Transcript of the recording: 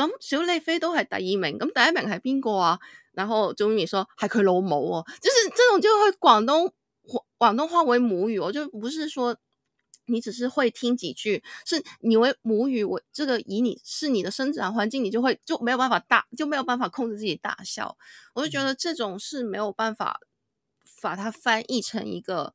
咁小李飛都係第一名，咁第一名係邊個啊？然後鍾咪說係佢老母哦，就是這種就會廣東廣東話為母語，我就不是說你只是會聽幾句，是你為母語，我這個以你是你的生長環境，你就會就沒有辦法大就沒有辦法控制自己大笑，我就覺得這種是沒有辦法把它翻譯成一個。